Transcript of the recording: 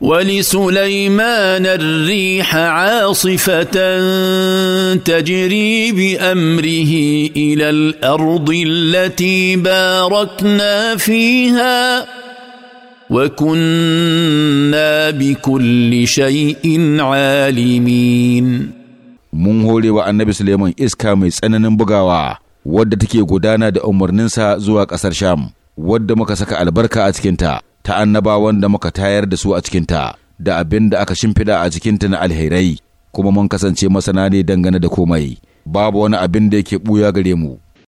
ولسليمان الريح عاصفه تجري بامره الى الارض التي باركنا فيها وكنا بكل شيء عالمين mun hore wa annabi Suleiman iska mai tsananin bugawa wadda take gudana da umarninsa zuwa ƙasar Sham wadda muka saka albarka a cikinta ta annabawan da muka tayar da su a cikinta da abin da aka shimfiɗa a cikinta na alherai kuma mun kasance masana ne dangane da komai babu wani abin da yake ɓuya gare mu